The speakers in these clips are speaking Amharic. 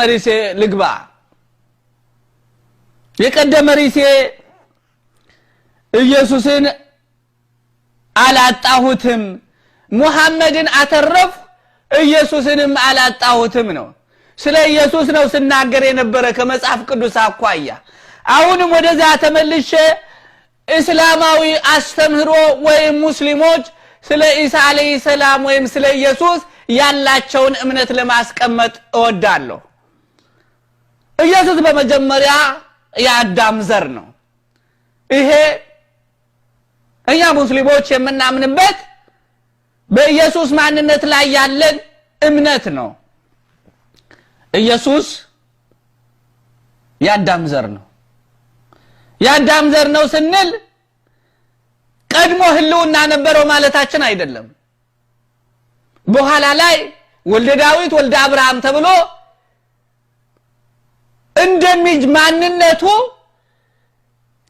መሪሴ ልግባ የቀደመ ሪሴ ኢየሱስን አላጣሁትም፣ ሙሐመድን አተረፍ ኢየሱስንም አላጣሁትም ነው። ስለ ኢየሱስ ነው ስናገር የነበረ ከመጽሐፍ ቅዱስ አኳያ። አሁንም ወደዚያ ተመልሼ እስላማዊ አስተምህሮ ወይም ሙስሊሞች ስለ ኢሳ አለይሂ ሰላም ወይም ስለ ኢየሱስ ያላቸውን እምነት ለማስቀመጥ እወዳለሁ። ኢየሱስ በመጀመሪያ የአዳም ዘር ነው። ይሄ እኛ ሙስሊሞች የምናምንበት በኢየሱስ ማንነት ላይ ያለን እምነት ነው። ኢየሱስ የአዳም ዘር ነው። የአዳም ዘር ነው ስንል ቀድሞ ሕልውና ነበረው ማለታችን አይደለም። በኋላ ላይ ወልደ ዳዊት፣ ወልደ አብርሃም ተብሎ እንደሚጅ ማንነቱ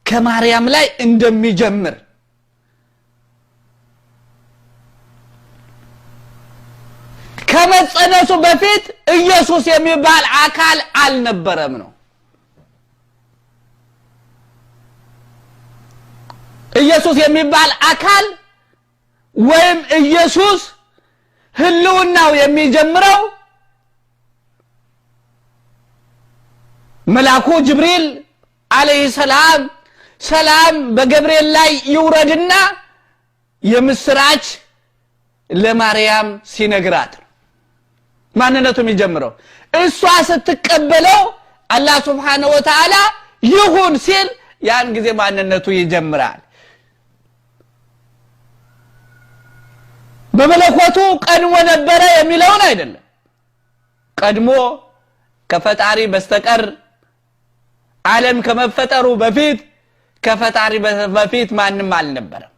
ከማርያም ላይ እንደሚጀምር ከመጸነሱ በፊት ኢየሱስ የሚባል አካል አልነበረም ነው። ኢየሱስ የሚባል አካል ወይም ኢየሱስ ህልውናው የሚጀምረው መልአኩ ጅብሪል አለይሂ ሰላም ሰላም በገብርኤል ላይ ይውረድና የምስራች ለማርያም ሲነግራት ማንነቱ የሚጀምረው እሷ ስትቀበለው አላህ ሱብሓነሁ ወተዓላ ይሁን ሲል ያን ጊዜ ማንነቱ ይጀምራል። በመለኮቱ ቀድሞ ነበረ የሚለውን አይደለም። ቀድሞ ከፈጣሪ በስተቀር ዓለም ከመፈጠሩ በፊት ከፈጣሪ በፊት ማንም አልነበረም።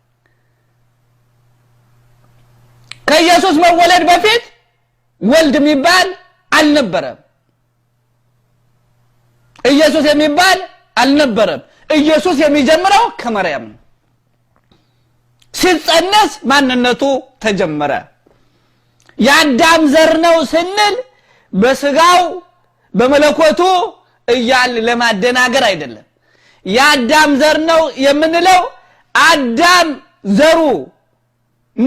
ከኢየሱስ መወለድ በፊት ወልድ የሚባል አልነበረም። ኢየሱስ የሚባል አልነበረም። ኢየሱስ የሚጀምረው ከማርያም ነው። ሲጸነስ ማንነቱ ተጀመረ። የአዳም ዘር ነው ስንል በስጋው በመለኮቱ እያል ለማደናገር አይደለም። የአዳም ዘር ነው የምንለው አዳም ዘሩ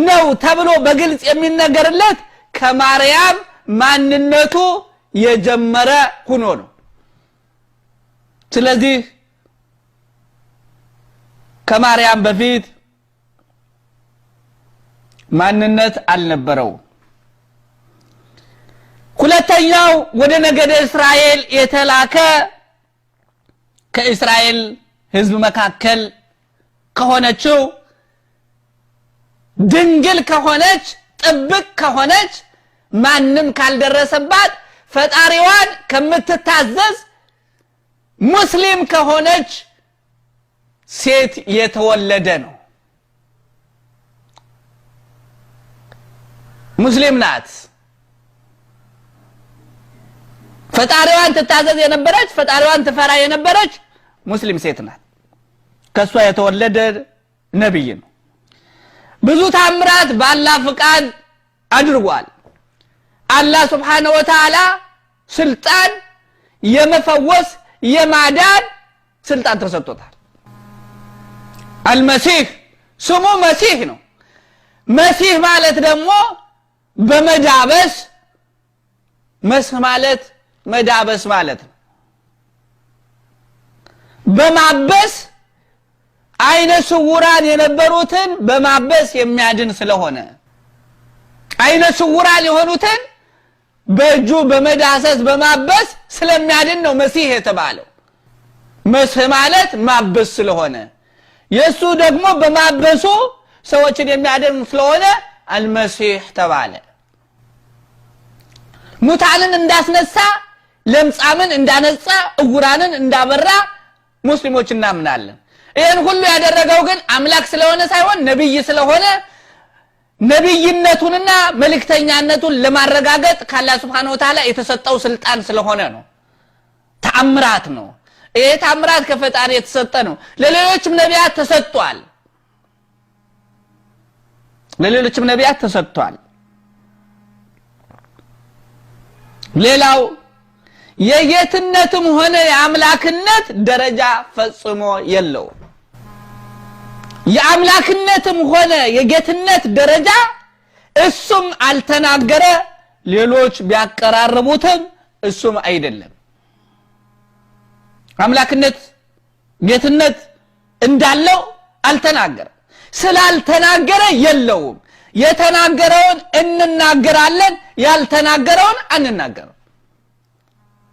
ነው ተብሎ በግልጽ የሚነገርለት ከማርያም ማንነቱ የጀመረ ሁኖ ነው። ስለዚህ ከማርያም በፊት ማንነት አልነበረውም። ሁለተኛው ወደ ነገደ እስራኤል የተላከ ከእስራኤል ህዝብ መካከል ከሆነችው ድንግል ከሆነች ጥብቅ ከሆነች ማንም ካልደረሰባት ፈጣሪዋን ከምትታዘዝ ሙስሊም ከሆነች ሴት የተወለደ ነው። ሙስሊም ናት። ፈጣሪዋን ትታዘዝ የነበረች ፈጣሪዋን ትፈራ የነበረች ሙስሊም ሴት ናት። ከእሷ የተወለደ ነቢይ ነው። ብዙ ታምራት በአላህ ፍቃድ አድርጓል። አላህ ስብሓነ ወተዓላ ስልጣን የመፈወስ የማዳን ስልጣን ተሰጥቶታል። አልመሲህ ስሙ መሲህ ነው። መሲህ ማለት ደግሞ በመዳበስ መስህ ማለት መዳበስ ማለት ነው። በማበስ አይነ ስውራን የነበሩትን በማበስ የሚያድን ስለሆነ አይነ ስውራን የሆኑትን በእጁ በመዳሰስ በማበስ ስለሚያድን ነው መሲህ የተባለው። መስህ ማለት ማበስ ስለሆነ የእሱ ደግሞ በማበሱ ሰዎችን የሚያድን ስለሆነ አልመሲህ ተባለ። ሙታንን እንዳስነሳ ለምጻምን እንዳነጻ፣ እውራንን እንዳበራ ሙስሊሞች እናምናለን። ይህን ሁሉ ያደረገው ግን አምላክ ስለሆነ ሳይሆን ነቢይ ስለሆነ ነቢይነቱንና መልእክተኛነቱን ለማረጋገጥ ካላ ስብሐነ ወተዓላ የተሰጠው ስልጣን ስለሆነ ነው። ተአምራት ነው። ይሄ ተአምራት ከፈጣሪ የተሰጠ ነው። ለሌሎችም ነቢያት ተሰጥቷል። ለሌሎችም ነቢያት ተሰጥቷል። ሌላው የጌትነትም ሆነ የአምላክነት ደረጃ ፈጽሞ የለውም። የአምላክነትም ሆነ የጌትነት ደረጃ እሱም አልተናገረ፣ ሌሎች ቢያቀራርቡትም እሱም አይደለም። አምላክነት ጌትነት እንዳለው አልተናገረ። ስላልተናገረ የለውም። የተናገረውን እንናገራለን፣ ያልተናገረውን አንናገረው።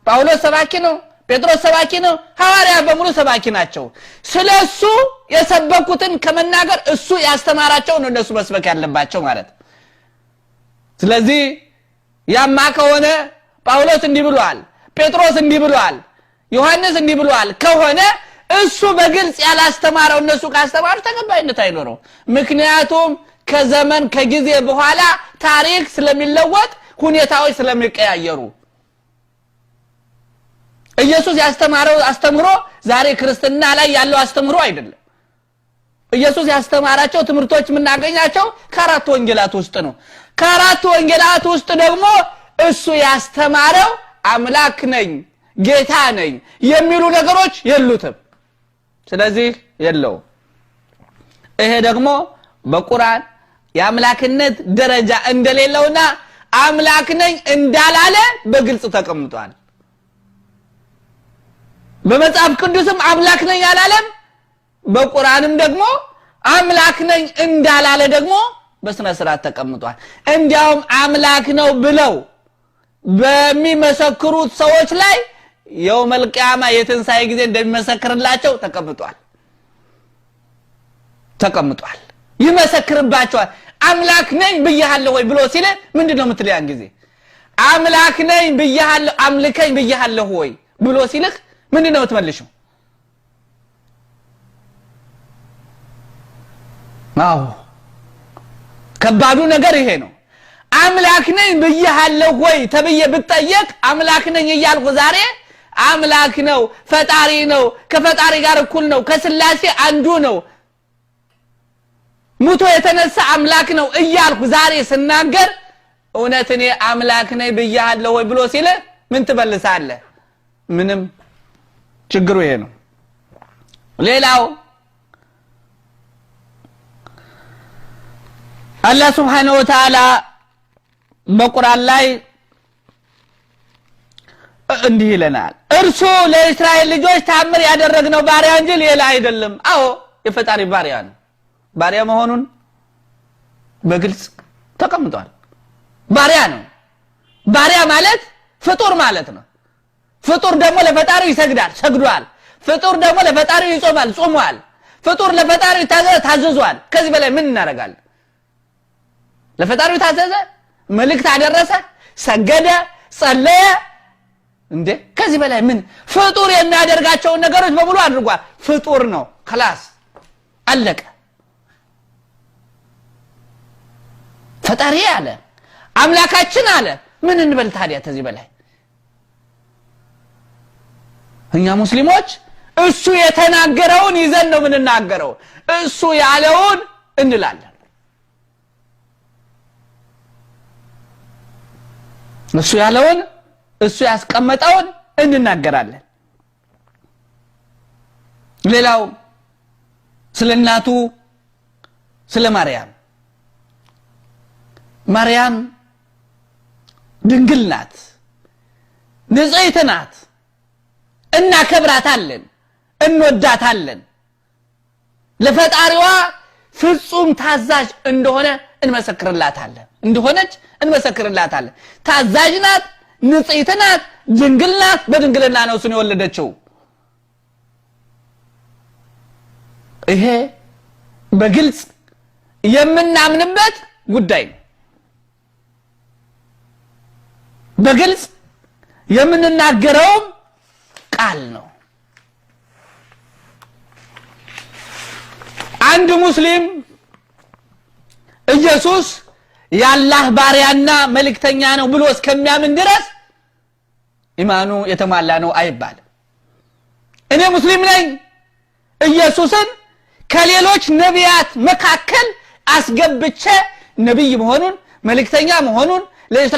ጳውሎስ ሰባኪ ነው። ጴጥሮስ ሰባኪ ነው። ሐዋርያ በሙሉ ሰባኪ ናቸው። ስለ እሱ የሰበኩትን ከመናገር እሱ ያስተማራቸው ነው እነሱ መስበክ ያለባቸው ማለት። ስለዚህ ያማ ከሆነ ጳውሎስ እንዲህ ብሏል፣ ጴጥሮስ እንዲህ ብሏል፣ ዮሐንስ እንዲህ ብሏል ከሆነ እሱ በግልጽ ያላስተማረው እነሱ ካስተማሩ ተቀባይነት አይኖረው። ምክንያቱም ከዘመን ከጊዜ በኋላ ታሪክ ስለሚለወጥ ሁኔታዎች ስለሚቀያየሩ ኢየሱስ ያስተማረው አስተምሮ ዛሬ ክርስትና ላይ ያለው አስተምሮ አይደለም። ኢየሱስ ያስተማራቸው ትምህርቶች የምናገኛቸው ከአራት ወንጌላት ውስጥ ነው። ከአራት ወንጌላት ውስጥ ደግሞ እሱ ያስተማረው አምላክ ነኝ፣ ጌታ ነኝ የሚሉ ነገሮች የሉትም። ስለዚህ የለውም። ይሄ ደግሞ በቁርአን የአምላክነት ደረጃ እንደሌለውና አምላክ ነኝ እንዳላለ በግልጽ ተቀምጧል። በመጽሐፍ ቅዱስም አምላክ ነኝ አላለም። በቁርአንም ደግሞ አምላክ ነኝ እንዳላለ ደግሞ በስነ ስርዓት ተቀምጧል። እንዲያውም አምላክ ነው ብለው በሚመሰክሩት ሰዎች ላይ የው ቂያማ የትንሣኤ ጊዜ እንደሚመሰክርላቸው ተቀምጧል ተቀምጧል። ይመሰክርባቸዋል። አምላክ ነኝ ብያለሁ ወይ ብሎ ሲል ምንድን ነው ያን ጊዜ አምላክ ነኝ ብያለሁ አምልከኝ ብያለሁ ወይ ብሎ ሲልህ ምንድን ነው የምትመልሺው? አዎ ከባዱ ነገር ይሄ ነው። አምላክ ነኝ ብዬሃለሁ ወይ ተብዬ ብጠየቅ አምላክ ነኝ እያልኩ ዛሬ አምላክ ነው፣ ፈጣሪ ነው፣ ከፈጣሪ ጋር እኩል ነው፣ ከስላሴ አንዱ ነው፣ ሙቶ የተነሳ አምላክ ነው እያልኩ ዛሬ ስናገር እውነት እኔ አምላክ ነኝ ብዬሃለሁ ወይ ብሎ ሲል ምን ትመልሳለህ? ምንም ችግሩ ይሄ ነው። ሌላው አላህ ስብሓነሁ ወተዓላ በቁርአን ላይ እንዲህ ይለናል፣ እርሱ ለእስራኤል ልጆች ታምር ያደረግነው ባሪያ እንጂ ሌላ አይደለም። አዎ የፈጣሪ ባሪያ ነው። ባሪያ መሆኑን በግልጽ ተቀምጧል። ባሪያ ነው። ባሪያ ማለት ፍጡር ማለት ነው። ፍጡር ደግሞ ለፈጣሪው ይሰግዳል፣ ሰግዷል። ፍጡር ደግሞ ለፈጣሪው ይጾማል፣ ጾሟል። ፍጡር ለፈጣሪው ታዘዟል። ከዚህ በላይ ምን እናደርጋለን? ለፈጣሪው ታዘዘ፣ መልእክት አደረሰ፣ ሰገደ፣ ጸለየ። እንዴ ከዚህ በላይ ምን? ፍጡር የሚያደርጋቸውን ነገሮች በሙሉ አድርጓል። ፍጡር ነው። ክላስ አለቀ። ፈጣሪ አለ አምላካችን አለ። ምን እንበል ታዲያ? ከዚህ በላይ እኛ ሙስሊሞች እሱ የተናገረውን ይዘን ነው የምንናገረው። እሱ ያለውን እንላለን። እሱ ያለውን እሱ ያስቀመጠውን እንናገራለን። ሌላው ስለ እናቱ ስለ ማርያም ማርያም ድንግል ናት፣ ንጽሕት ናት። እናከብራታለን፣ እንወዳታለን። ለፈጣሪዋ ፍጹም ታዛዥ እንደሆነ እንመሰክርላታለን እንደሆነች እንመሰክርላታለን። ታዛዥ ናት፣ ንጽሕት ናት፣ ድንግል ናት። በድንግልና ነው እሱን የወለደችው። ይሄ በግልጽ የምናምንበት ጉዳይ ነው። በግልጽ የምንናገረውም ቃል ነው። አንድ ሙስሊም ኢየሱስ የአላህ ባሪያና መልእክተኛ ነው ብሎ እስከሚያምን ድረስ ኢማኑ የተሟላ ነው አይባል እኔ ሙስሊም ነኝ ኢየሱስን ከሌሎች ነቢያት መካከል አስገብቼ ነቢይ መሆኑን መልእክተኛ መሆኑን ለእስራኤል